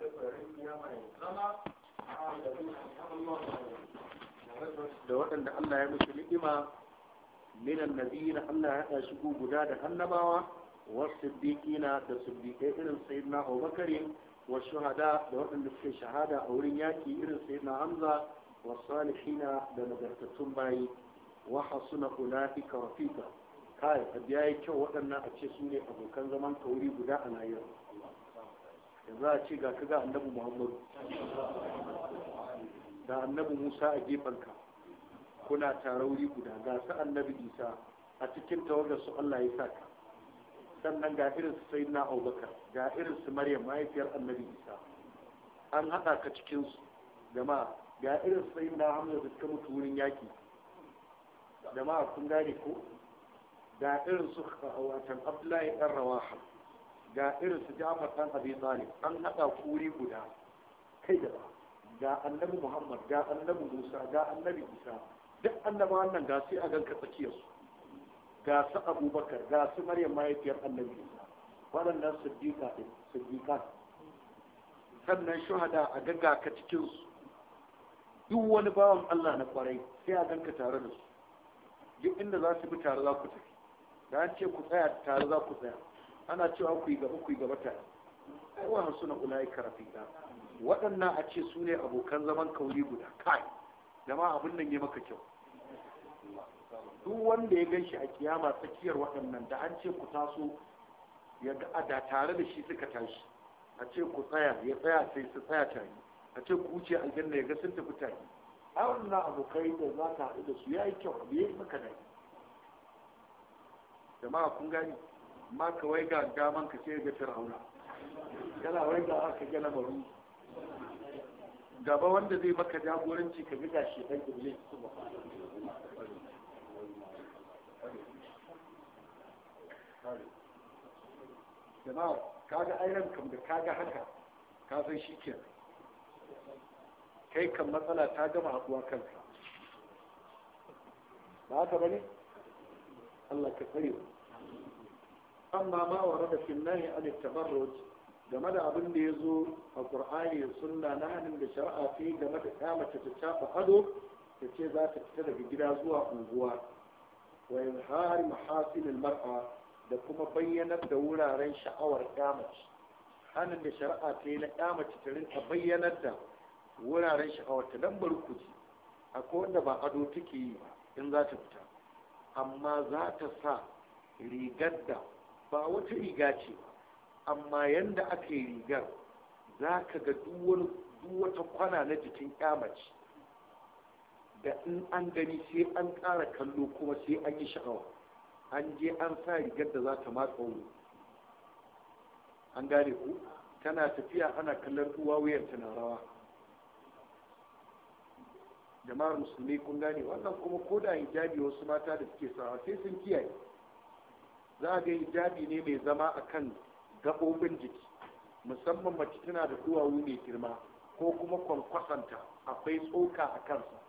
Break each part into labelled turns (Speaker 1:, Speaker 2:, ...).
Speaker 1: da waɗanda Allah ya musu ni'ima minan nabiyina Allah ya haɗa shi guda da annabawa wasiddiqina da siddiqai irin sayyidina Abubakar wa shuhada da waɗanda suke shahada a wurin yaki irin sayyidina Hamza wa salihina da nagartattun bayi wa hasuna ulaika rafiqa kai abiya kyau waɗannan a ce su ne abokan zaman wuri guda a nayar za a ce ga ka ga annabi muhammadu da annabi musa a gefanka kuna tarauri guda ga su annabi isa a cikin tawagar su allah ya sa ka sannan ga irin su sai na abubakar ga irin su maryam mahaifiyar annabi isa an haɗa ka cikin su jama'a ga irin sai na hamza da suka mutu wurin yaƙi jama'a kun gane ko ga irin su watan abdullahi ɗan rawaha ga irin su Ja'far dan Abi Talib an hada kuri guda kai da ga annabi Muhammad ga annabi Musa ga annabi Isa duk annabawan wannan ga sai a ganka tsakiyar su ga su Abubakar ga su Maryam mahaifiyar annabi Isa waɗannan siddiqa din sannan shuhada a gaga ka cikin su duk wani bawan Allah na kwarai sai a ganka tare da su duk inda za su bi tare za ku tafi da an ce ku tsaya tare za ku tsaya ana cewa ku yi gaba ku yi gaba tare wa hasuna ulai karafiqa waɗannan a ce su ne abokan zaman kauri guda kai ma abin nan ya maka kyau duk wanda ya ganshi a kiyama tsakiyar waɗannan da an ce ku taso ya ga da tare da shi suka tashi a ce ku tsaya ya tsaya sai su tsaya tare a ce ku wuce aljanna ya ga sun tafi tare a wannan abokai da za ka haɗu da su ya yi kyau abu ya yi maka dai jama'a kun gani amma ka wai ga gaman ka ce ga fir'auna yana wai ga aka gana baru gaba wanda zai maka jagoranci ka ga shi dan iblis jama'a kaga ainihin kam da kaga haka ka san shi ke kai kan matsala ta gama haɗuwa kanka ba haka ba ne Allah ka tsare amma ma wa rada finnahi an tabarruj game da abin da ya zo a qur'ani suna na hannun da shari'a ta yi game da kyamata ta cafa ado ta ce za ta fita daga gida zuwa unguwa wa har mahasilil mar'a da kuma bayyanar da wuraren sha'awar kyamace hannun da shari'a ta yi na kyamace ta rinka bayyanar da wuraren sha'awar ta lambar barkuci akwai wanda ba ado take yi ba in za ta fita amma za ta sa rigar da ba wata riga ce amma yanda aka yi rigar za ka ga duwata wata kwana na jikin mace da in an gani sai an ƙara kallo kuma sai an yi sha'awa an je an sa rigar da za ta matsa wuri an gane ku tana tafiya ana kallon ruwa wuyar tana rawa jama'ar musulmi kun gane wannan kuma ko da hijabi wasu mata da suke sawa sai sun kiyaye za a ga hijabi ne mai zama a kan gaɓoɓin jiki musamman mace tana da duwawu mai girma ko kuma kwankwasanta akwai tsoka a kansa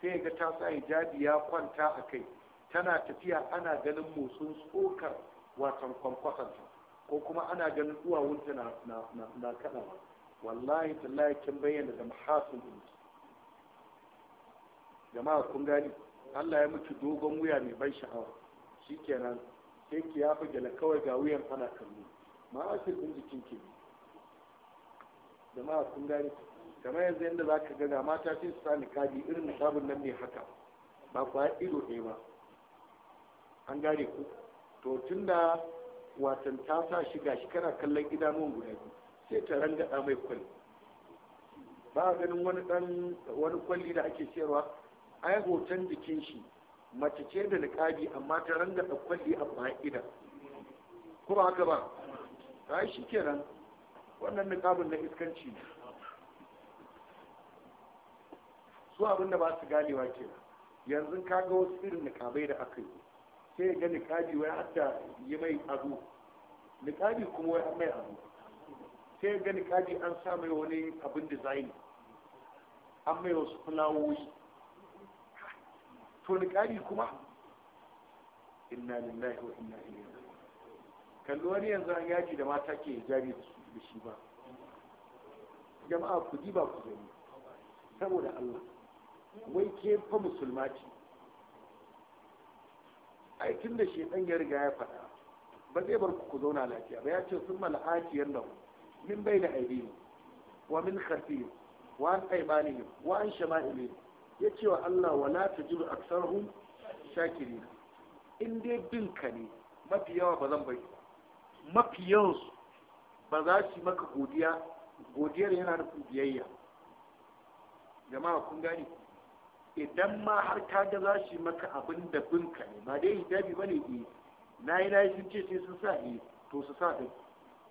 Speaker 1: sai ga ta sa hijabi ya kwanta a kai tana tafiya ana ganin motsin tsokar watan kwankwasanta ko kuma ana ganin duwawunta na na kaɗawa wallahi tallahi kin bayyana da mahasin ɗinki jama'a kun gani Allah ya mutu dogon wuya mai ban sha'awa Shi shikenan sai ki ya fi gyala kawai ga wuyan ana kallo ce ɗin jikin ki jama'a kun gane kamar yanzu yadda za ka ga mata sun su sami kaji irin nisabin nan ne haka ba kwaya ido ɗaya ba an gane ku to tun da watan ta sa shi shi kana kallon idanuwan guda biyu sai ta rangada mai kwali. ba a ganin wani dan wani kwalli da ake siyarwa ai hoton jikin shi mace ce da niqabi amma ta ranga da kwalli a fa'ida ko ba haka ba ke shikenan wannan niqabin na iskanci ne su abin da ba su galewa ke yanzu ka ga wasu irin niqabai da aka yi sai ga niqabi wai hatta yi mai abu niqabi kuma wai mai abu sai ga niqabi an sa mai wani abin design an mai wasu fulawoyi to niƙari kuma inna lillahi wa inna ilaihi kallo wani yanzu an yaji da mata ke jari da shi ba jama'a ku ji ba ku gani saboda Allah wai ke fa musulma ce ai tun da shedan ya riga ya faɗa ba zai bar ku ku zauna lafiya ba ya ce sun mal'akiyar nan min bai da aidihim wa min kharfihim wa an aymanihim wa an shama'ilihim ya ce wa Allah wala ta jiru aksarhum shakiri in dai bin ka ne mafi yawa ba zan bai mafi su ba za su maka godiya godiyar yana nufin biyayya jama'a kun gani? idan ma har ka ga za su maka abin da bin ka ne ba dai hijabi ba ne eh na yi na yi sun ce sai sun sa eh to su sa din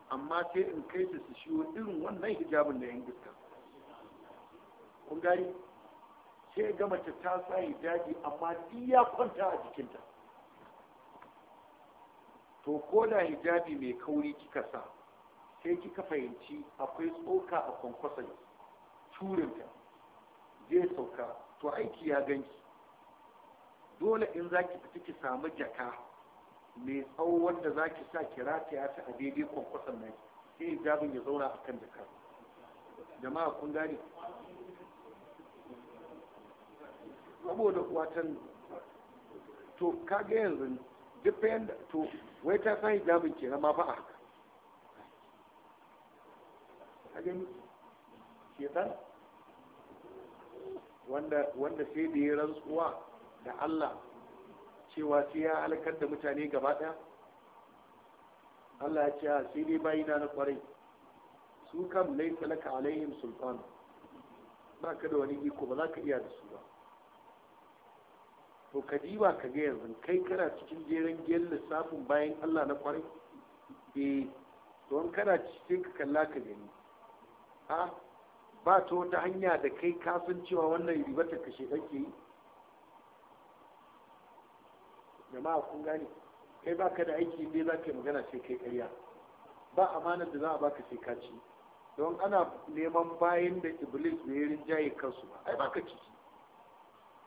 Speaker 1: amma sai in kai su su shiwo irin wannan hijabin da yan iska kun gani? sai ga mace ta sa hijabi amma duk ya kwanta a jikinta to ko da hijabi mai kauri kika sa sai kika fahimci akwai tsoka a kwankwason curinta zai sauka to aiki ya ganki dole in za ki fita ki samu jaka mai tsawo wanda za ki sa ki rataya ta a daidai kwankwason nan sai hijabin ya zauna a kan jaka
Speaker 2: jama'a kun gane
Speaker 1: saboda watan to kaga yanzu duk to wai ta sa hijabin ke zama fa a haka a ke wanda wanda sai da ya rantsuwa da Allah cewa sai ya halakar da mutane gaba ɗaya Allah ya ce ah, sai dai bayina na kwarai su kam laifin laka alaihim sultan ba ka da wani iko ba za ka iya da su ba to ka diba ka ga yanzu kai kana cikin jeren gyan lissafin bayan allah na kwarai eh to an kana cikin ka kalla ka gani ha ba ta wata hanya da kai kasan cewa wannan ribatar kashe shi kake yi jama'a kun gane kai ba ka da aiki ne za ka yi magana sai kai karya ba amanar da za a baka sai ka ci don ana neman bayan da iblis ya rinjaye kansu ba ai baka ciki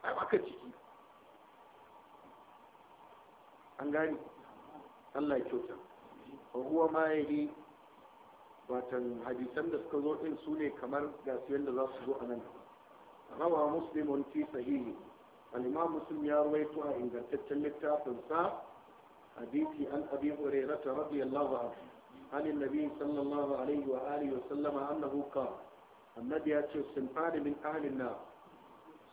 Speaker 1: ai baka ciki an gani Allah kyauta A huwa ma yali watan hadisan da suka zo din su ne kamar ga su yanda za su zo a nan rawa muslimun fi sahihi al muslim ya rawaito a ingantaccen littafin sa hadisi an abi hurairah radiyallahu anhu عن النبي صلى الله عليه وآله وسلم أنه قال النبي يأتي صنفان من أهل النار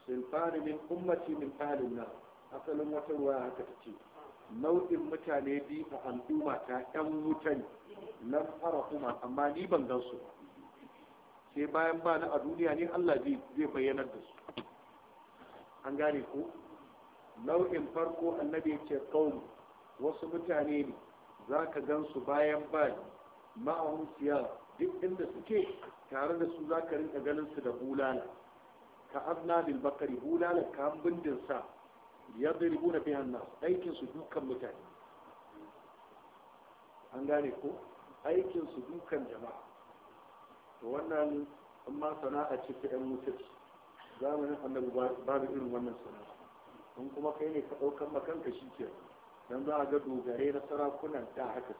Speaker 1: صنفان من أمتي من أهل النار أصل وترواها تكتيب nau'in mutane bi a al'umma ta yan wutan fara kuma amma ni ban gan su sai bayan ba na a duniya ne Allah zai bayyanar da su an gane ku nau'in farko annabi ya ce kaum wasu mutane ne za ka gan su bayan ba ma'ahun siya duk inda suke tare da su za ka rinka ganin su da bulala ka azna bil bakari bulala ka bindin sa yadribuna fiha an-nas aikin su dukan mutane an gane ko aikin su dukan jama'a to wannan amma ma sana'a ce ta yan mutunci zamanin annabi babu irin wannan sana'a kun kuma kai ne ka ɗaukar makanka shi ke don za a ga dogare na sarakunan da haka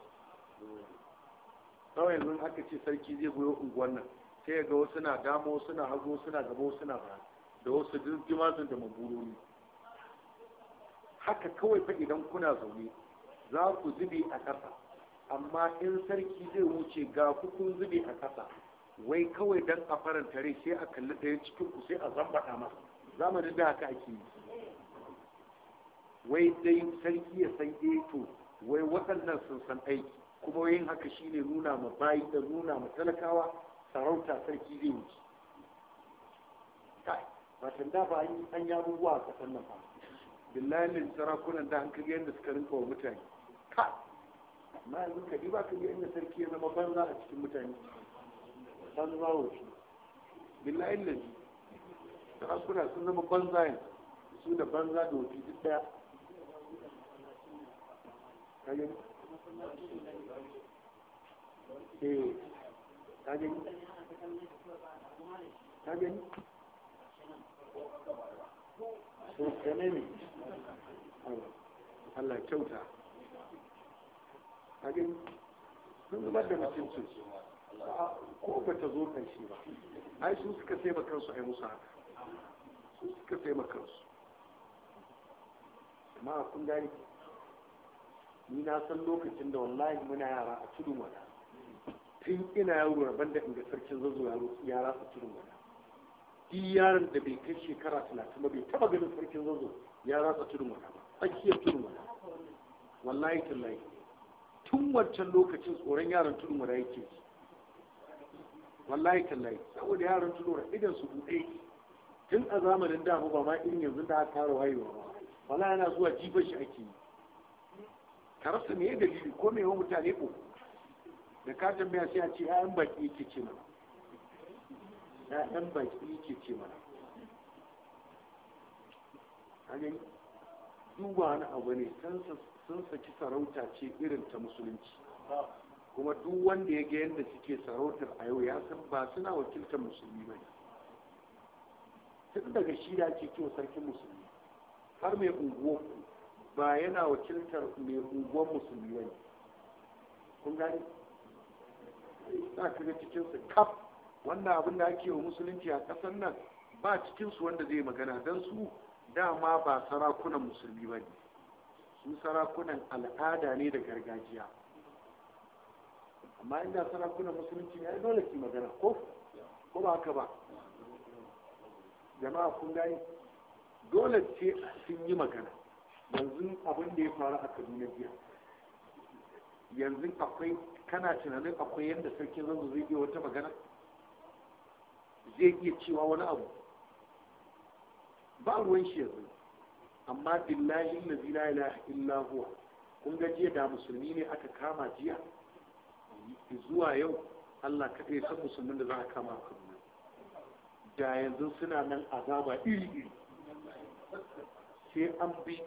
Speaker 1: kawai yanzu aka ce sarki zai goyo unguwan nan sai ga wasu na damo suna hago suna gabo suna ba da wasu jirgin da mamburoni. haka kawai fa idan kuna zaune za ku zube a ƙasa amma in sarki zai wuce ga kun zube a ƙasa wai kawai dan a faranta rai sai a kalli ɗaya cikin ku sai a zambata masa zamani da haka ake yi wai dai sarki ya san eh to wai waɗannan sun san aiki kuma yin haka shine nuna ma bayi da nuna ma talakawa sarauta sarki zai wuce kai ba da ba an yi abubuwa a ƙasar nan ba billahi ne sarakunan da an kaga yadda suka rinka wa mutane ka ma yanzu ka ba ka ga inda sarki ya zama banza a cikin mutane banza wuce billahi ne sarakuna sun zama banza yanzu su da banza da wuce duk daya kaje eh kaje kaje ne Allah kyauta A hagin sun zubar da mutuncin ko ba ta zo kan shi ba ai sun suka taimaka kansu ai musa haka sun suka taimaka kansu amma kun gani ni na san lokacin da wallahi muna yara a tudun wada tun ina yaro rabon da inda sarkin zazzo yara a tudun wada duk yaron da bai kai shekara talatin ba bai taba ganin sarkin zazzo ya ratsa tudun tsakiyar tudun wallahi tallahi tun wancan lokacin tsoron yaran tudun wata yake ji wallahi tallahi saboda yaran tudun idan su buɗe tun a zamanin da ba ma irin yanzu da aka fara wayewa ba wallahi yana zuwa jibar shi ake yi ka rasa me dalili ko me wa mutane ko da ka tambaya sai a ce 'ya'yan baki yake ce mana 'ya'yan baki yake ce mana hanyar duba wani abu ne sun saki sarauta ce irin ta musulunci kuma duk wanda ya ga yadda suke sarautar a yau ya san ba suna wakiltar musulmi ba ne tun daga shi da ake kiwo sarkin musulmi har mai unguwa ba yana wakiltar mai unguwan musulmi ba ne kun gani za ka ga cikinsu kaf wanda abin da ake wa musulunci a ƙasar nan ba cikinsu wanda zai magana don su dama ba sarakunan musulmi ba ne su sarakunan al'ada ne da gargajiya amma inda sarakunan musulunci ne ya dole ki magana ko ko ba haka ba jama'a kun gani dole ce sun yi magana yanzu abin da ya faru a kaduna jiya yanzu akwai kana tunanin akwai yadda sarki zanzu zai iya wata magana zai iya cewa wani abu ba ruwan shi yanzu amma billahi allazi la ilaha illa huwa kun ga jiya da musulmi ne aka kama jiya zuwa yau Allah kaɗai san musulmin da za a kama a da yanzu suna nan azaba iri iri sai an bi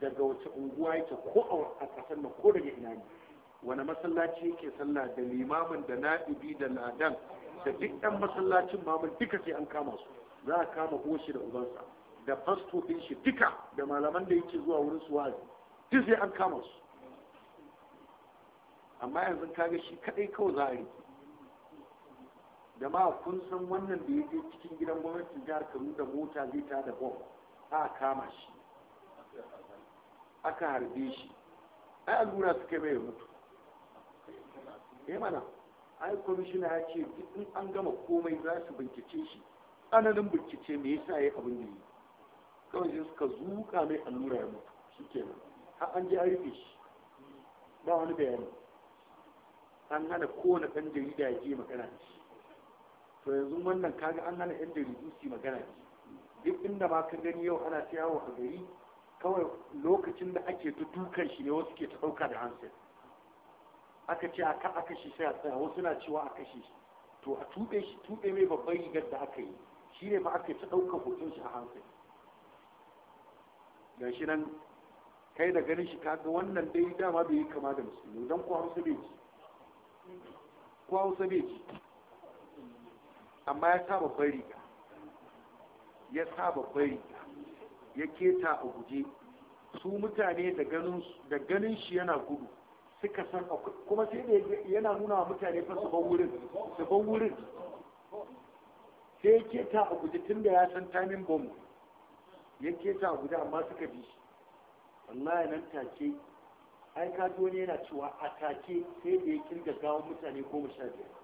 Speaker 1: daga wace unguwa yake ko a kasar nan ko daga ina ne wani masallaci yake sallah da limamin da na'ibi da ladan da duk ɗan masallacin mamun duka sai an kama su za a kama uwarshi da ubansa da fasto din shi duka da malaman da yake zuwa wurin su wazi duk sai an kama su amma yanzu kaga shi kadai kawai za a yi ma kun san wannan da ya je cikin gidan gwamnatin jihar Kano da mota zai ta da bom a kama shi aka harbe shi ai allura suka mai mutu eh mana ai kwamishina ya ce in an gama komai za su bincike shi tsananin bincike me yasa yayi abin da yi kawai sai suka zuka mai allura ya mutu nan har an ji an rufe shi ba wani bayani an hana kowane ɗan jarida ya je magana da shi to yanzu wannan kaga an hana ɗan jaridu su magana da shi duk inda ma ka gani yau ana ta yawo a gari kawai lokacin da ake ta dukan shi ne wasu ke ta ɗauka da hanset aka ce a ka aka shi sai a tsaya wasu na cewa a kashe shi to a tuɓe shi tuɓe mai babban rigar da aka yi shi ne ma aka ta ɗaukar hoton shi a hankali ga shi nan kai da ganin shi kaga wannan dai dama bai yi kama da musulmi don kuwa hausa bai ji kuwa hausa bai ji amma ya sa babbar riga ya sa babbar riga ya keta a guje su mutane da ganin shi yana gudu suka san kuma sai da yana nuna wa mutane fa su ban wurin su ban wurin sai ya keta a guji tun da ya san tamin bomb ya keta a guji amma suka bi shi wallahi nan take ai ka wani yana cewa a take sai da ya kirga gawon mutane goma sha biyar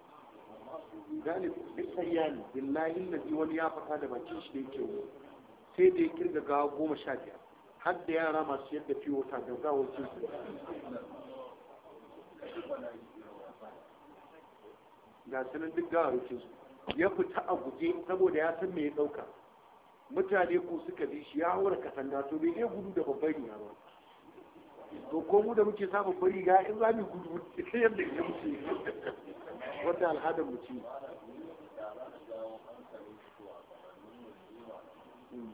Speaker 1: galib duk sayyani billahi nabi wani ya faɗa da bakin shi da yake wuri sai da ya kirga gawa goma sha biyar har da yara masu yadda fiye wata da gawar su ga sanin duk gawar su ya fita a guje saboda ya san me ya ɗauka mutane ko suka ji shi ya haura katanga to bai iya gudu da babban riga ba to ko mu da muke sa babban riga in za mu gudu ita yadda ya mutu
Speaker 2: wanda al'adar mu ce
Speaker 1: hmm.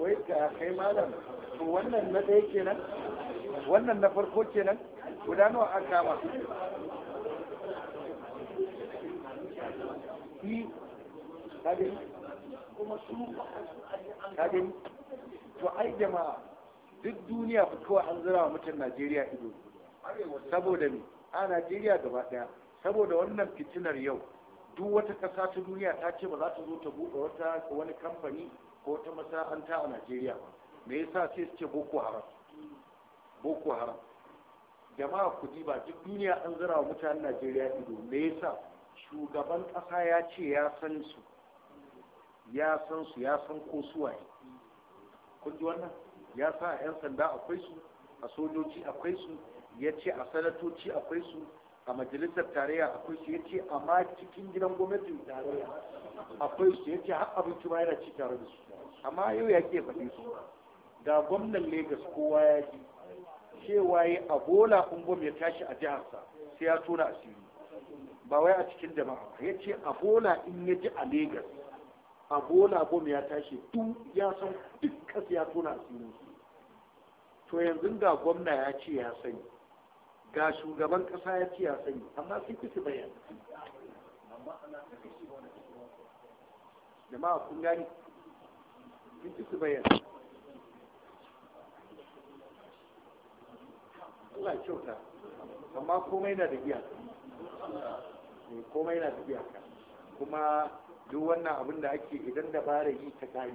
Speaker 1: wai ka kai malam to wannan na ɗaya kenan wannan na farko kenan guda nawa an kama kadin to ai jama'a duk duniya fa kawai an zira wa mutum najeriya ido saboda ni, a najeriya gaba daya saboda wannan fitinar yau duk wata ƙasa ta duniya ta ce ba za ta zo ta buɗe wata wani kamfani ko wata masana'anta a najeriya ba me yasa sai su ce boko haram boko haram jama'a ku ba duk duniya an zira wa mutanen najeriya ido me yasa shugaban ƙasa ya ce ya san su ya san su ya san ko suwaye kun ji wannan ya sa a 'yan sanda akwai su a sojoji akwai su ya ce a sanatoci akwai su a majalisar tarayya akwai su ya ce amma cikin gidan gwamnatin tarayya akwai su ya ce har abinci ma yana ci tare da su amma yau ya ke faɗi su ga gwamnan Legas kowa ya ji cewa a bola bom ya tashi a jiharsa sai ya tona asiri ba wai a cikin jama'a ba ya ce bola in ya ji a Legas bola gom ya tashi tun ya san dukkan ya tona asiri to yanzu ga gwamna ya ce ya sani ga shugaban kasa ya ce ya sani amma sun fi su bayan jama'a kun gani sun fi su bayan Allah ya kyauta amma komai na da iyaka eh, komai na da iyaka kuma duk wannan abin da ake idan da bara yi ta kare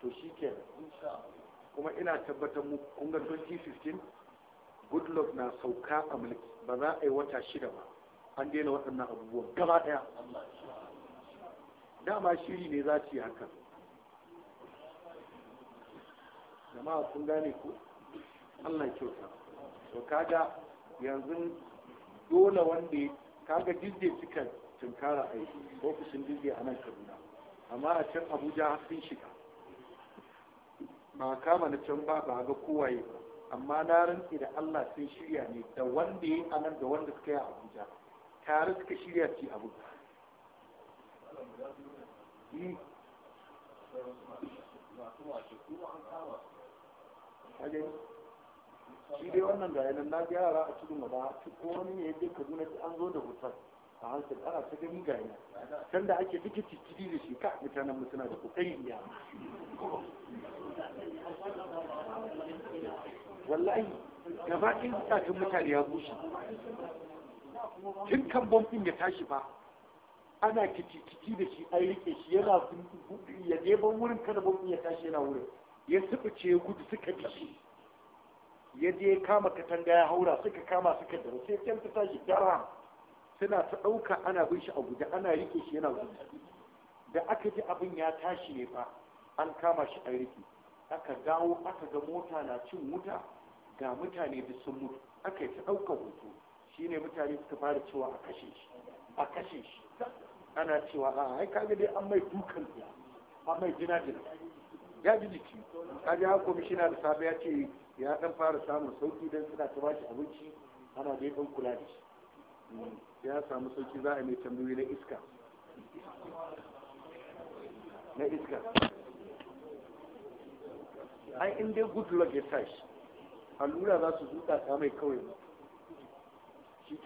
Speaker 1: to shi ke kuma ina tabbatar mu kun ga 2015 goodluck na sauka a mulki ba za a yi wata shida ba an daina waɗannan abubuwan gaba ɗaya dama shiri ne za su yi haka jama'a kun gane ku Allah kyauta to kaga yanzu dole wanda kaga jirgin suka tunkara aiki ofishin jirgin a nan kaduna amma a can abuja sun shiga ba kama na can ba ba ga kowaye ba amma na rantse da allah sun shirya ne da wanda ya a nan da wanda suka yi a abuja tare suka shirya ci abu Thank you. shi dai wannan ga yanar na ga yara a cikin wada ko wani ne yake kaduna an zo da wutar a hansu ana ta gani ga yi can da ake duka cikiri da shi ka mutanen mu suna da kokari ya wallahi gaba ɗin zukatan mutane ya bushe tun kan bombin ya tashi ba ana kici da shi an rike shi yana ya neman wurin kada bombin ya tashi yana wurin ya suɓuce gudu suka bi ya je kama katanga ya haura suka kama suka da sai can ta tashi dara suna ta ɗauka ana bin shi a guda ana rike shi yana gudu da aka ji abin ya tashi ne fa an kama shi an rike aka dawo aka ga mota na cin wuta ga mutane da sun mutu aka yi ta ɗaukar hoto shi ne mutane suka fara cewa a kashe shi a kashe shi ana cewa a ai kaga dai an mai dukan ya an mai jina jina ya ji jiki kaga ya komishina da safe ya ce ya dan fara samun sauki dan suna ta bashi abinci ana da yakan kula da shi mm, ya samu sauki za a mai tambayi na iska
Speaker 2: na iska ai in
Speaker 1: dai good luck ya tashi allura za su zuka ta mai kawai shi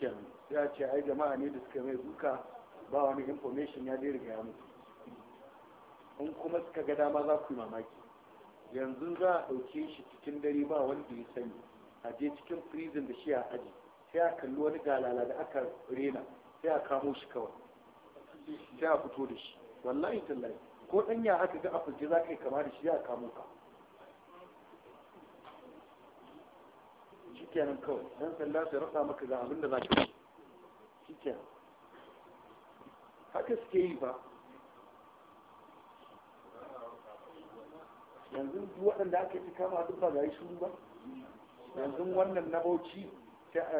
Speaker 1: ya ce ai jama'a ne da suka mai zuka ba wani information ya dai riga ya mutu in kuma suka ga dama za ku yi mamaki yanzu za a ɗauke shi cikin dare ba wanda ya sani a je cikin prison da shi a aji sai a kalli wani galala da aka rena sai a kamo shi kawai sai a fito da shi wallahi tallahi ko ya aka ga a fulje za ka yi kama da shi a kamo ka shi kenan kawai dan sallah sai rasa maka ga abin da za ka yi shi kenan haka suke yi ba yanzu waɗanda aka ci kama duk ba yi shuru ba yanzu wannan na bauchi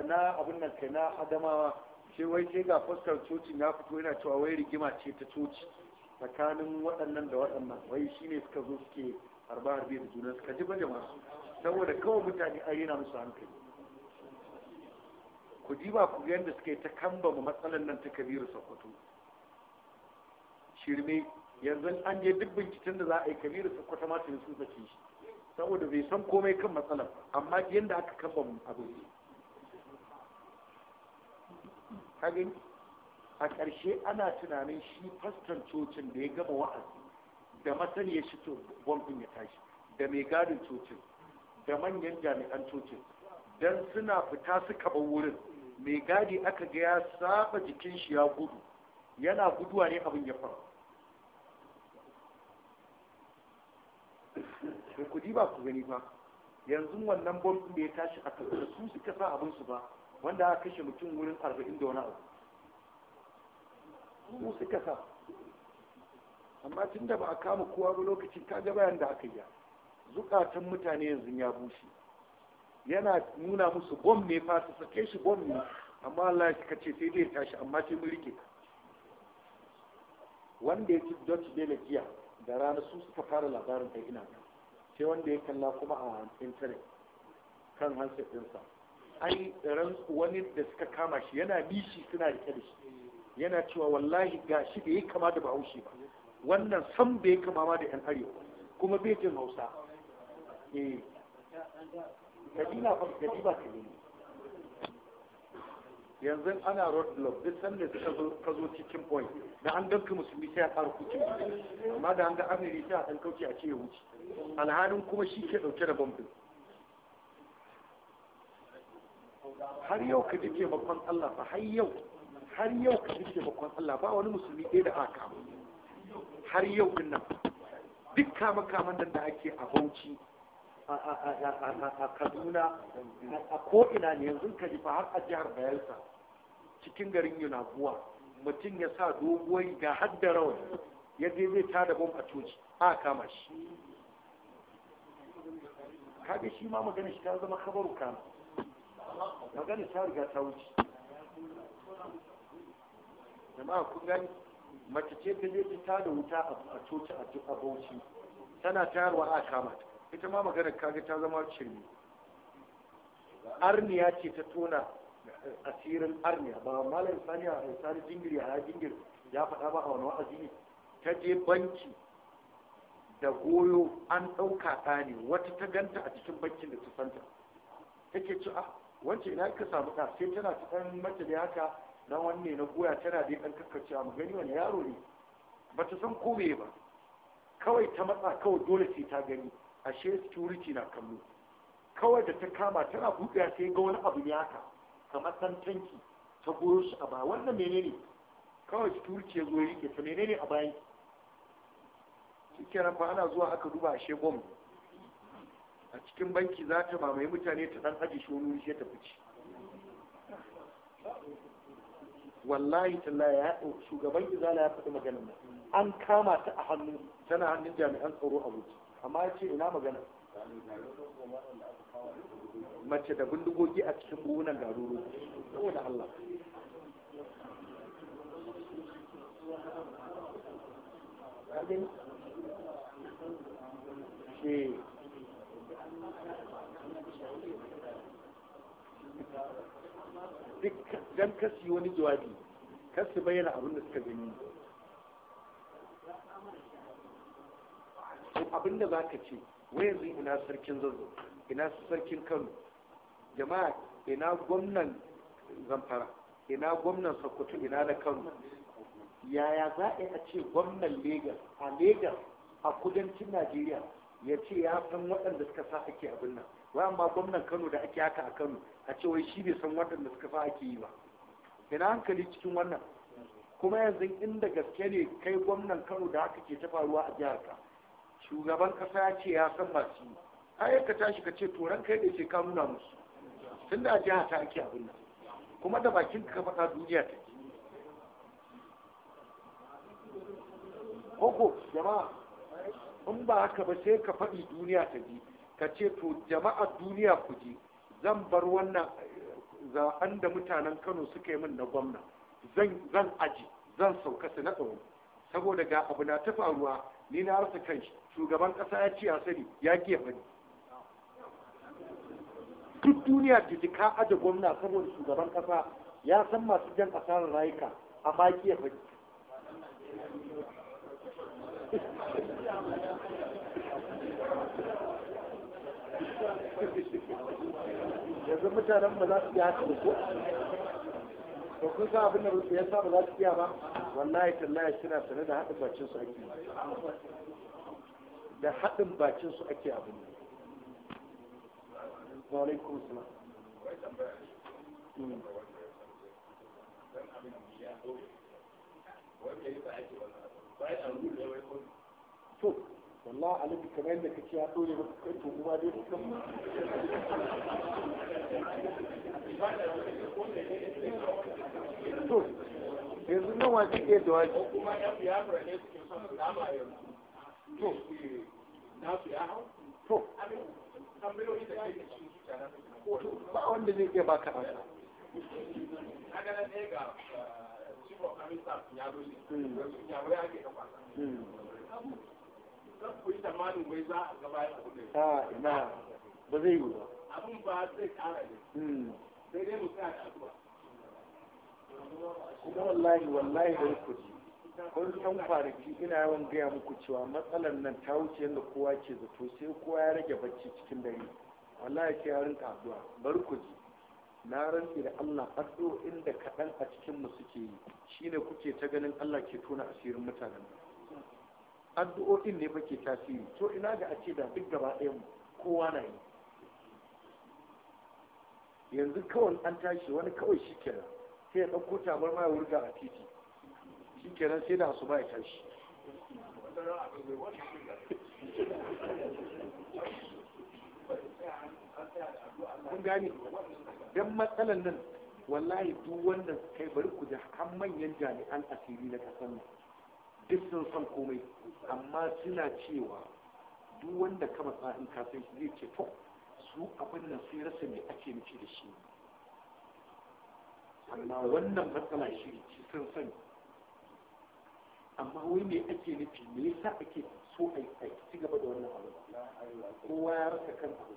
Speaker 1: na abin nan kai na adamawa ce wai sai ga fuskar cocin ya fito yana cewa wai rigima ce ta coci tsakanin waɗannan da waɗannan wai shine suka zo suke harba harbe da juna suka ji ba masu saboda kawai mutane a yana musu hankali ku ji ba ku ga yadda suka yi ta kambama matsalar nan ta kabiru sokoto shirme yanzu an je duk binciken da za a yi kabiru su kwata mata ne sun shi saboda bai san komai kan matsalar amma yadda aka kaba abu hagin a ƙarshe ana tunanin shi fastan cocin da ya gama wa'azi da ya shi to bombin ya tashi da mai gadin cocin da manyan jami'an cocin don suna fita su kaba wurin mai gadi aka ga ya saba jikin shi ya gudu yana guduwa ne abin ya ku ba ku gani ba, yanzu wannan bom da ya tashi a kasar su suka sa abin su ba wanda aka kashe mutum wurin arba'in da wani abu su suka sa amma tun da ba a kama kowa ba lokacin kaga bayan da aka yi zukatan mutane yanzu ya bushe yana nuna musu bom ne fa su sake shi bom ne amma Allah ya ce sai dai tashi amma sai mun rike wanda ya ci Dutch da rana su suka fara labarin kai ina nan sai wanda ya kalla kuma a intanet kan handset ɗinsa ai ran wani da suka kama shi yana nishi suna rike da shi yana cewa wallahi ga shi da ya kama da bahaushe ba wannan san bai kama ma da yan arewa kuma bai jin hausa eh kadina fa kadiba ka ne yanzu ana road block duk sanda suka zo ka zo cikin point da an danka musulmi sai ya fara kuce amma da an ga amiri sai a dan kauce a ce ya wuce alhalin kuma shi ke ɗauke da bambin har yau ka jike bakon Allah ba har yau har yau ka jike bakon Allah ba wani musulmi ɗaya da aka har yau din nan duk kama kaman nan da ake a Bauchi a Kaduna a ko'ina ne yanzu ka ji fa har a jihar Bayelsa cikin garin Yunabuwa mutum ya sa doguwar ga har da rawar ya je zai tada bom a a kama shi Kage shi ma magana shi ta zama khabaru kan magana ta riga ta wuce jama'a kun gani mace ce ta je ta da wuta a coci a bauchi tana tayarwa a kama ita ma magana Kage ta zama cirmi
Speaker 2: arniya ce
Speaker 1: ta tona asirin arniya ba malam saniya a sani jingiri a jingiri ya faɗa ba a wani wa'azi ne ta je banki da goyo an ɗauka tsani wata ta ganta a cikin bankin da ta santa take ci a ah, wancan ina ka samu ɗa sai tana ta ɗan mace da haka na wanne na goya tana dai ɗan kakkace a gani wani yaro ne ba ta san kome ba kawai ta matsa kawai dole sai ta gani ashe security na kallo kawai da ta kama tana buɗewa sai ga wani abu ne haka kamar ɗan tanki ta goyo shi a baya wannan menene kawai security ya zo ya rike ta menene a bayan shikenan fa ana zuwa aka duba ashe bom a cikin banki za ta mamaye mutane ta dan aji shonu shi ta fice wallahi tallahi ya shugaban izala ya faɗi magana nan an kama ta a hannu tana hannun jami'an tsaro a wuce amma ya ce ina magana mace da bindigogi a cikin buhunan garuru saboda Allah Thank you. Eh. don kasi wani jawabi kasu bayyana abin da suka gani abin da za ka ce wayanzu ina sarkin zazzau ina sarkin kano jama'a ina gwamnan zamfara ina gwamnan sokoto ina da kano yaya za a ce gwamnan Legas a Legas a kudancin najeriya ya ce ya san waɗanda suka sa ake abin nan wayan ba gwamnan kano da ake haka a kano a ce wai shi bai san waɗanda suka sa ake yi ba ina hankali cikin wannan kuma yanzu inda gaske ne kai gwamnan kano da haka ke ta faruwa a jihar ka shugaban kasa ya ce ya san masu yi ai ka tashi ka ce toran kai da ce ka nuna musu tun da jiha ta ake abin nan kuma da bakin ka faɗa duniya ta ko ko jama'a in ba haka ba sai ka faɗi duniya ta ji ka ce to jama'a duniya ku ji zan bar wannan zaɓen da mutanen kano suka yi min na gwamna zan aji zan sauka su na tsaro saboda ga abu na ta faruwa ni na rasa kan shi shugaban ƙasa ya ce a sani ya ke bani duk duniya ta ji ka aje gwamna saboda shugaban ƙasa ya san masu jan asarar rayuka amma ke bani yanzu mutanen ba za su iya haka ko to kun sa abin da rufe ya sa ba za su iya ba wallahi tallahi suna sane da haɗin bacin su ake da haɗin bacin su ake abin wa alaikum salam hmm. to wallahi alibi kamar yadda kake ya dore maka kai da ya yau to na fiyafa da kake baka ansa a ina ba zai yi abin ba zai kara ne hmm. sai dai mu addu'a kuma wallahi wallahi da kun san kwanaki ina yawan gaya muku cewa matsalar nan ta wuce yadda kowa ke zato sai kowa ya rage bacci cikin dare wallahi sai ya rinka addu'a bari ku ji na rantsi da Allah addu'o'in inda kaɗan a cikin mu suke yi shine kuke ta ganin Allah ke tona asirin mutanen nan addu'o'in ne muke tasiri to ina ga a ce da duk gaba ɗayan kowa na yi yanzu kawai an tashi wani kawai shi kenan sai ya ɗauko tabar ma ya wurga a titi shi kenan sai da su ba ya tashi kun gani don matsalan nan wallahi duk wanda kai bari ku ji har manyan jami'an asiri na kasar nan duk sun san komai amma suna cewa duk wanda kama tsarin in zai ce to su abin nan sai rasa me ake nufi da shi amma wannan matsala shi ci sun sani amma wai me ake nufi me yasa ake so a yi ci gaba da wannan abu kowa ya rasa kan abu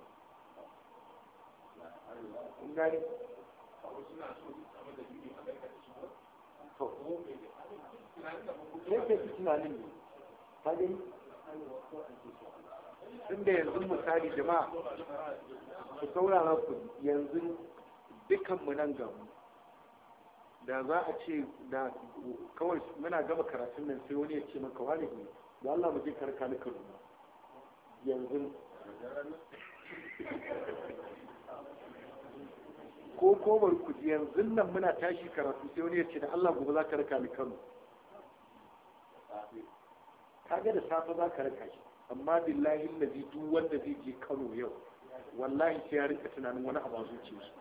Speaker 1: kun gane suna so su samu da bidiyo a karkashin to yake tunanin ne ta gani da yanzu misali jama'a
Speaker 2: ku saurara ku
Speaker 1: yanzu mu nan gamu da za a ce da kawai muna gama karatun nan sai wani ya ce maka wani ne da Allah mu je karka ni Kaduna yanzu ko ko ku yanzu nan muna tashi karatu sai wani ya ce da Allah gobe za ka raka ni Kano kaga da safe za ka rika shi amma billahi lazi duk wanda zai je kano yau wallahi sai ya rika tunanin wani abu zuciya su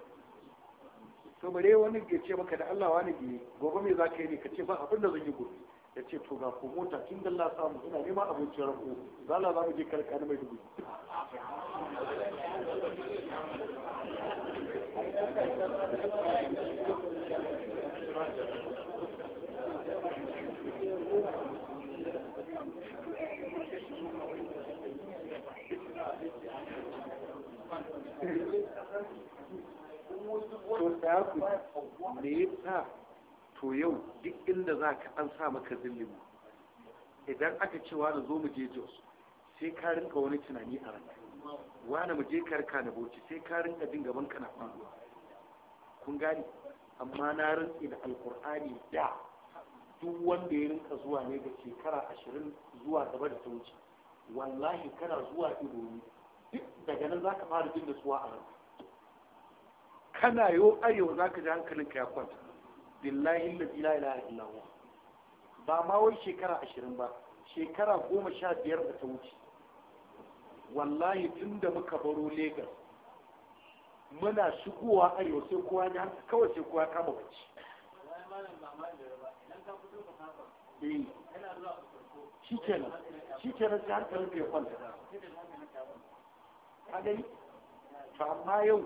Speaker 1: to bare wani ya ce maka da Allah wani biye gobe me za ka yi ne ka ce ba abin da zan yi gobe ya ce to ga ko mota tun da Allah samu ina neman abincin rako za la za mu je karkani mai dubu
Speaker 2: Thank you.
Speaker 1: to tsaya ku me ya to yau duk inda za ka an sa maka zillimi idan aka cewa Wani zo mu je jos sai ka rinka wani tunani a ranka wani mu je karka na bauchi sai ka rinka jin gaban ka na faruwa kun gani amma na rantsi da alkur'ani da duk wanda ya rinka zuwa ne da shekara ashirin zuwa gaba da ta wuce wallahi kana zuwa ido daga nan za ka fara jin da suwa a nan kana yi ayo za ka ji hankalinka ya kwanta billahi allazi la ilaha illa huwa ba ma wai shekara ashirin ba shekara goma sha biyar da ta wuce wallahi tun da muka baro Legas muna shigowa arewa sai kowa ya kawai sai kowa kama bacci eh, shi kenan shi kenan sai hankalin ka ya kwanta ka gani to amma yau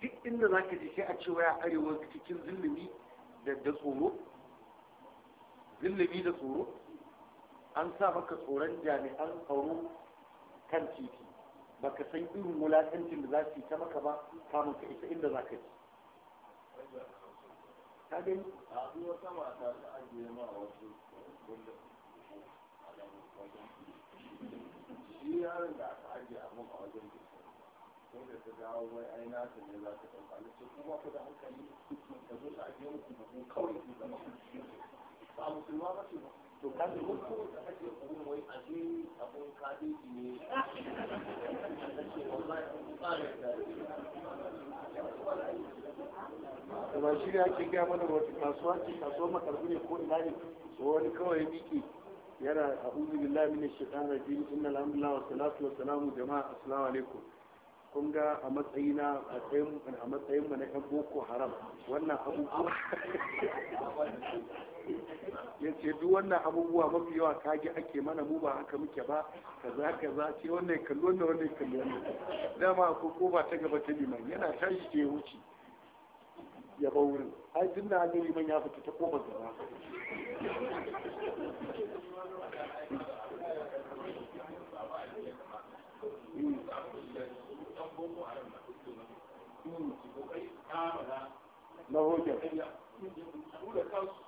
Speaker 1: duk inda za ka je sai a ce waya arewa cikin zulumi da tsoro zulumi da tsoro an sa maka tsoron jami'an tsaro kan titi ba ka san irin wulakancin da za su yi ta maka ba kamun ka isa inda za ka ji ka gani shi yaron da aka ajiye a abin a wajen ko da ta dawo wai ai na ta ne za ta ɗauka na ce kuma ku da hankali ka zo ta ajiye kuma mutum kawai ku zama ba musulma ba ce ba to ka ce ko da ake abun wai aje abun kadeji ne na ce wallahi an tsara
Speaker 2: da ba shi ne ake gaya mana
Speaker 1: wata kasuwa ce kasuwar makarfi ne ko ina ne wani kawai miki yana a uzu billahi min shaitan rajim innal hamdulillah wa salatu wa salamu jama'a assalamu alaikum kun ga a matsayina a matsayin mu na yan boko haram wannan abubuwa ya ce duk wannan abubuwa mafi yawa kage ake mana mu ba haka muke ba kaza kaza ce wannan kalli wannan wannan kalli wannan dama ko ko ba ta gaba ta liman yana tashi ke wuce ya ba wurin ai duk na ga liman ya fita ta kofar gaba na hotel to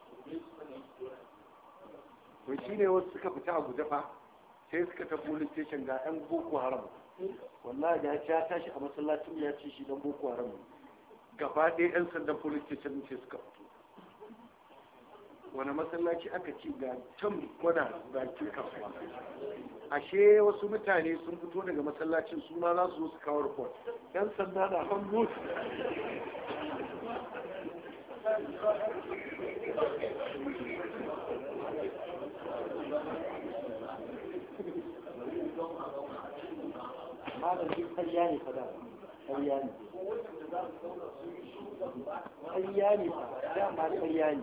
Speaker 1: shi ne wasu suka fita a guje fa sai suka ta police station ga yan boko haram wallahi da ya tashi a masallacin ya ce shi dan boko haram gaba ɗaya yan sandan police station ne suka fita wani masallaci aka ci ga can gwada ga kasuwa ashe wasu mutane sun fito daga masallacin suna ma za su su kawo report yan sanda na hannu
Speaker 2: malamin karya
Speaker 1: ne fada karya ne karya ne dama karya ne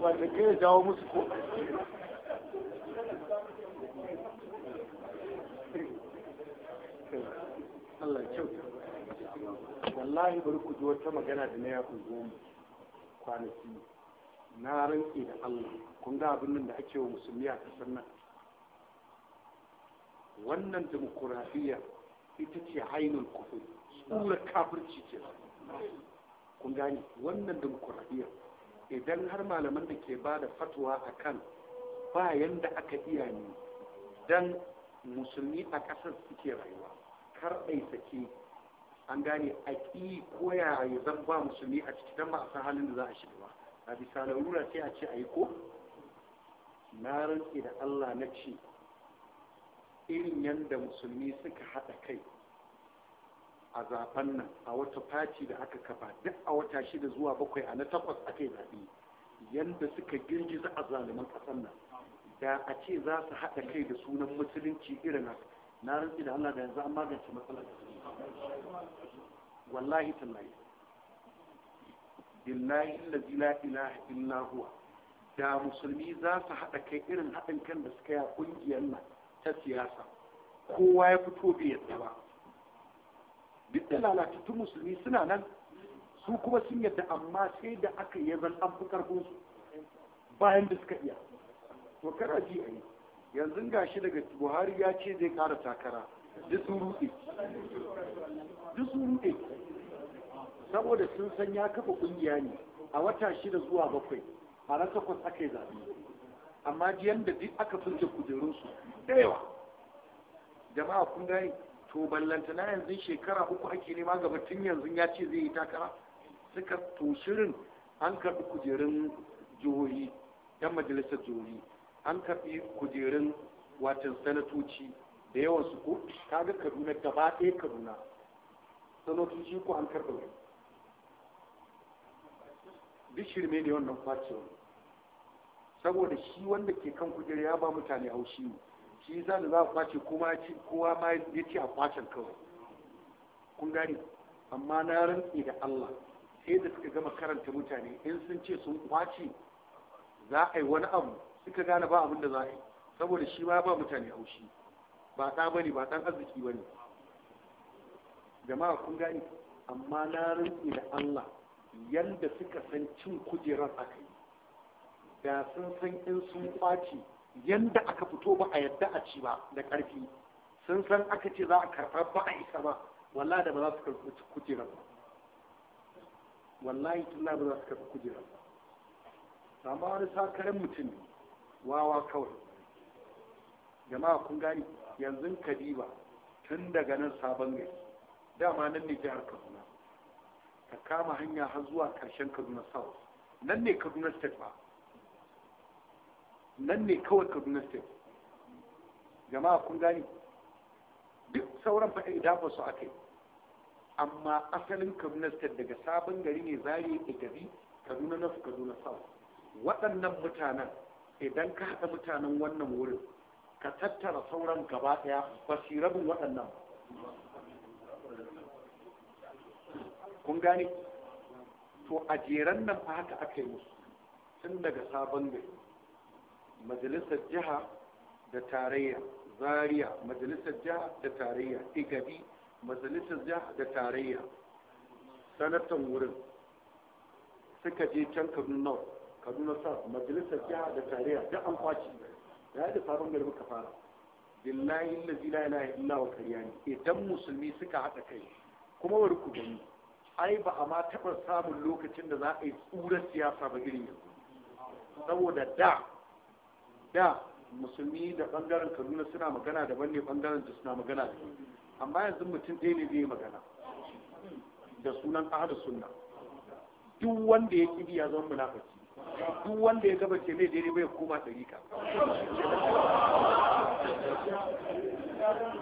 Speaker 1: wanda ke jawo musu ko Allah kyauta wallahi bari ku ji wata magana da na ya goma kwanaki na rantse da Allah kun ga abin nan da ake wa musulmi a kasar nan wannan demokuraɗiyya ita ce hainin kufur tsurar kafirci ce kun gane wannan demokuraɗiyya idan har malaman da ke ba da fatwa a kan bayan da aka iya ne don musulmi a ƙasar suke rayuwa karɓai sake an gane a ƙi koya ya zan ba musulmi a ciki don ba a san halin da za a shiga ba a bisa larura sai a ce a yi ko na rantse da Allah na ce irin yadda musulmi suka haɗa kai a zaben nan a wata fati da aka kafa duk a wata shida zuwa bakwai a na takwas aka yi zaɓe yadda suka girgiza a zaluman ƙasar nan da a ce za su haɗa kai da sunan musulunci irin haka na rantsi da Allah da yanzu an magance matsalar da wallahi tallahi billahi allazi la ilaha illa huwa da musulmi za su haɗa kai irin haɗin kan da suka yi a ƙungiyar nan ta siyasa kowa ya fito bai yadda ba duk da lalatattun musulmi suna nan su kuma sun yadda amma sai da aka yi zan an fi bayan da suka iya to kana ji a yi yanzu ga shi daga buhari ya ce zai kara takara duk sun ruɗe duk sun ruɗe saboda sun san ya kafa ƙungiya ne a wata shida zuwa bakwai a ran takwas aka yi zaɓe amma jiyan da duk aka kujerun kujerunsu ɗaya jama'a kun gani to ballanta na yanzu shekara uku ake nema gaba tun yanzu ya ce zai yi takara suka to shirin an karɓi kujerun jihohi 'yan majalisar jihohi an karɓi kujerun watan sanatoci da yawan su ko kaga kaduna gaba ɗaya kaduna sanatoci ko an karɓi mai? duk shirme ne wannan kwacewa saboda shi wanda ke kan kujeru ya ba mutane haushi ne shi za da za a kwace kowa ma ya ce a kwacen kawai kun gane amma na rantse da Allah sai da suka gama karanta mutane in sun ce sun kwace za a yi wani abu suka gane ba abin da za a yi saboda shi ma ba mutane haushi ba ɗa ba ne ba ɗan arziki ba ne jama'a kun gani amma na rinki da Allah yadda suka san cin kujerar aka yi da sun san in sun kwace yadda aka fito ba a yadda a ci ba da ƙarfi sun san aka ce za a karɓar ba a isa ba wallahi da ba za su karɓi kujerar ba wallahi tun ba za su karɓi kujerar ba amma wani sakaren mutum ne wawa kawai jama'a kun gani yanzu kadiba tun daga nan sabon gari dama nan ne jihar kaduna ta kama hanya har zuwa karshen kaduna south nan ne kaduna state ba nan ne kawai kaduna state jama'a kun gani duk sauran faɗin dafa su aka yi amma asalin kaduna state daga sabon gari ne zari da gari kaduna north kaduna south waɗannan mutanen idan ka haɗa mutanen wannan wurin ka tattara sauran gaba ɗaya ba su rabin waɗannan kun gane to a jeren nan fa haka aka yi musu tun daga sabon gari majalisar jiha da tarayya zaria majalisar jiha da tarayya igabi majalisar jiha da tarayya sanatan wurin suka je can kaduna north kaduna south majalisar jiha da tarayya ta an kwaci da ya da faruwar gari muka fara billahi allazi la ilaha illa wa karyani idan musulmi suka haɗa kai kuma wari ku gani ai ba a ma samun lokacin da za a yi tsurar siyasa ba irin yanzu saboda da da musulmi da bangaren kaduna suna magana daban ne bangaren da suna magana da amma yanzu mutum ɗaya ne zai magana da sunan ahadu sunna duk wanda ya ƙi ya zama munafiki duk wanda ya gaba ce mai daidai bai koma ka.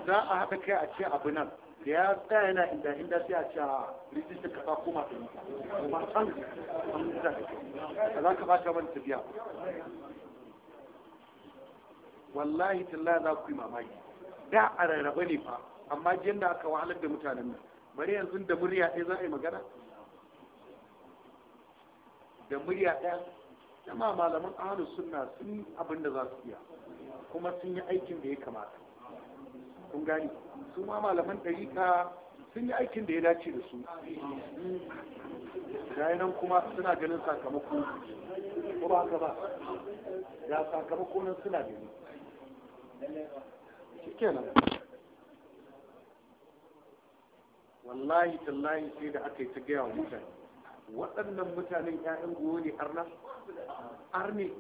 Speaker 1: za a haɗa kai a ce abu nan da ya tsaya yana inda inda sai a ce a rijistar kasa koma ɗarika kuma san an da kai za ka ba ta wani tafiya wallahi tallahi za ku yi mamaki da a rarraba ne fa amma jin da aka wahalar da mutanen nan bari yanzu da murya ɗaya za a yi magana da murya ɗaya jama malaman ahalu suna sun abin da za su iya kuma sun yi aikin da ya kamata kun gani su ma malaman ɗarika sun yi aikin da ya dace da su gaya nan kuma suna ganin sakamako ko ba ka ba da sakamako nan suna gani kenan wallahi tallahi sai da aka yi ta gaya wa mutane waɗannan mutanen 'ya'yan goyo ne arna arne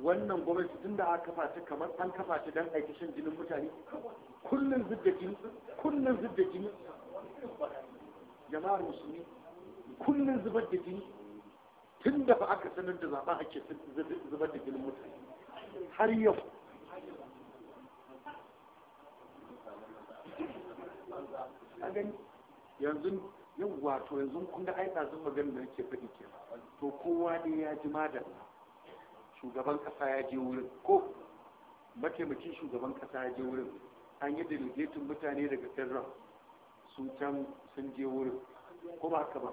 Speaker 1: wannan gwamnati tun da aka fata kamar an kafa ta don aiki shan jinin mutane kullum zidda jini kullum zidda jini jama'ar musulmi kullum zubar da jini tun da ba aka sanar da zaɓa ake zubar da jinin mutane har yau yanzu yawwa to yanzu kun da aika zan magana da nake faɗi ke to kowa ne ya ji madalla shugaban ƙasa ya je wurin ko mataimakin shugaban ƙasa ya je wurin an yi delegatin mutane daga federal su can sun je wurin ko ba haka ba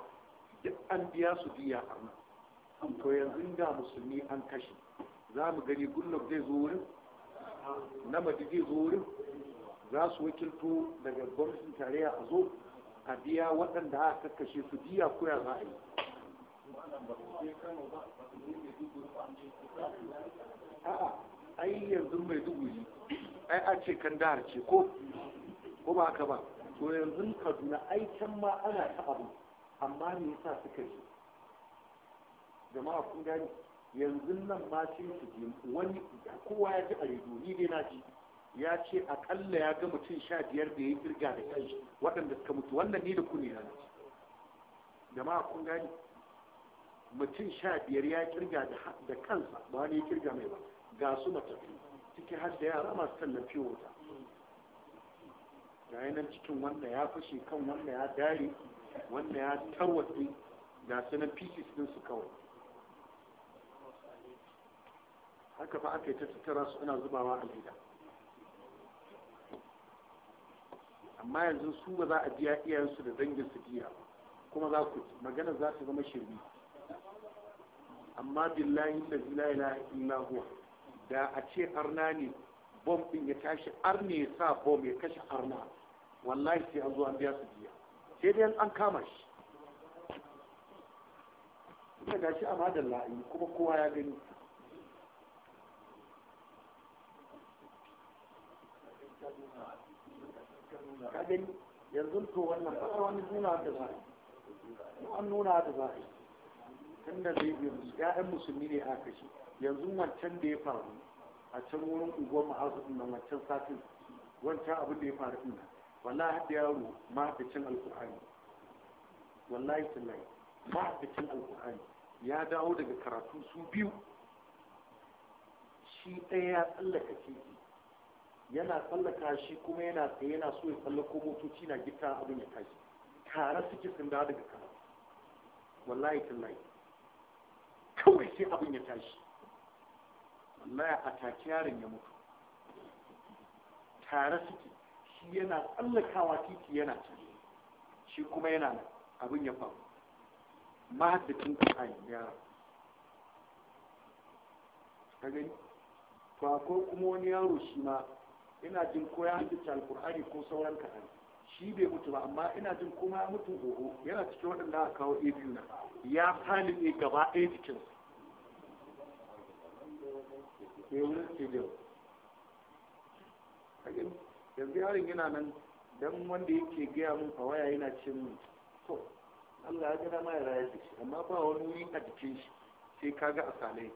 Speaker 1: duk an biya su biya a to yanzu da musulmi an kashe za mu gani gullab zai zo wurin
Speaker 2: namadi zai zo wurin
Speaker 1: za su wakilto daga gwamnatin tarayya a zo a biya waɗanda aka kakkashe su biya koya za a yi a'a ai yanzu mai duguri ai a ce kan dahar ce ko ko ba haka ba to yanzu kaduna ai can ma ana ta abu amma me yasa suka yi? jama'a kun gani yanzu nan ma sai su je wani kowa ya ji a rediyo ni dai na ji ya ce akalla ya ga mutum sha biyar da ya kirga da kai waɗanda suka mutu wannan ni da ku ne na ce jama'a kun gani mutum sha biyar ya kirga da kansa ba wani ya kirga mai ba ga su matafi ciki har da yara masu tallafi wuta ga yanar cikin wanda ya fashe kan wanda ya dare wanda ya tarwatsi ga su nan pieces din su kawai haka fa aka yi ta tattara su ina zubawa a gida amma yanzu su ba za a biya iyayensu da dangin su biya kuma za ku magana za ta zama shirme amma billahi la ilaha illa huwa da a ce arna ne bom din ya tashi arne ya sa bom ya kashe arna wallahi sai an zo an biya su biya sai dai an kama shi ina gashi a madalla kuma kowa ya gani ka gani yanzu to wannan ba wani nuna da ba a an nuna da za a tunda zai biyu musu ƴaƴan musulmi ne a kashi yanzu wancan da ya faru a can wurin unguwar ma'azu ɗin nan wancan satin wancan abin da ya faru ɗin nan wallahi haɗa yaro mahaifacin alƙur'ani wallahi tallahi mahaifacin alƙur'ani ya dawo daga karatu su biyu shi ɗaya ya tsallaka titi yana tsallaka shi kuma yana tsaye yana so ya tsallako motoci na gita abin ya tashi tare suke sun dawo daga kama wallahi tallahi kawai sai abin ya tashi wallahi a take yarin ya mutu tare suke shi yana tsallakawa titi yana tashi shi kuma yana nan abin ya faru mahaddacin ƙasani yara ka gani to akwai kuma wani yaro shi ma ina jin ko ya haddace alkur'ani ko sauran kaɗan shi bai mutu ba amma ina jin kuma ya mutu gobe yana cikin waɗanda aka kawo a na ya ne gaba ɗaya cikin yanzu yarin yana nan dan wanda yake gaya mun a waya yana cin min to Allah ya ga dama ya rayar da shi amma ba wani wuri a jikin shi sai kaga a sale yake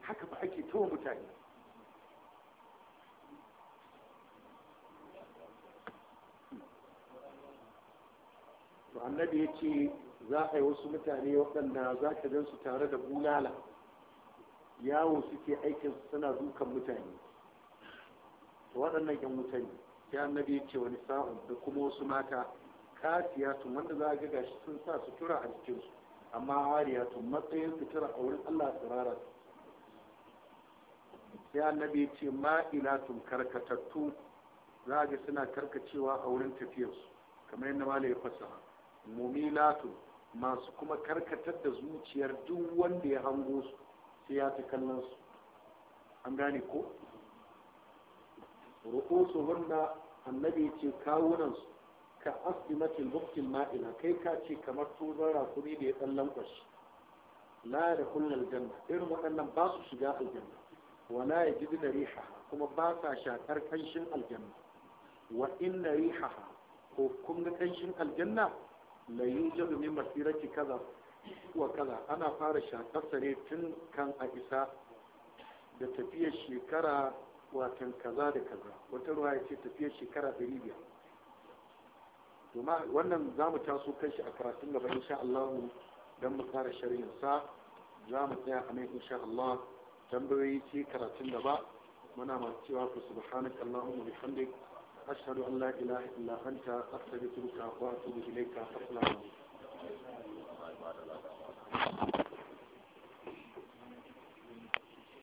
Speaker 1: haka ba ake tawa mutane to annabi ya ce za a yi wasu mutane waɗanda za ka su tare da bulala yawo suke aikin suna dukan mutane to waɗannan yan mutane sai annabi ya ce wani sa'un da kuma wasu mata tun wanda za a ga gashi sun sa sutura a jikinsu amma tun matsayin sutura a wurin Allah tsirara sai annabi ce ma'ilatun karkatattu za ga suna karkacewa a wurin tafiyarsu kamar yadda malai ya fasaha mumilatun masu kuma karkatar da zuciyar duk wanda ya hango su sai ya ta kallon su an gane ko ru'usuhunna annabi ce kawunan su ka asimatin bukkin ma'ina kai ka ce kamar turar rakuri da ya ɗan lankwashi la da kullal janna irin waɗannan ba su shiga aljanna Wa la ya ji da riha kuma ba sa shakar kanshin aljanna wa inna riha ko kun ga kanshin aljanna la yujadu min masirati kaza wa kaza ana fara shakar sare tun kan a isa da tafiyar shekara watan kaza da kaza wata ruwa ya ce tafiyar shekara ɗari biyar to ma wannan za mu taso shi a karatun gaba insha Allah dan mu fara sharhin sa za mu tsaya a nan insha Allah tambayoyi ce karatun gaba muna masu cewa ku subhanaka allahumma bihamdik ashhadu an la ilaha illa anta astaghfiruka wa atubu ilayka assalamu
Speaker 2: alaikum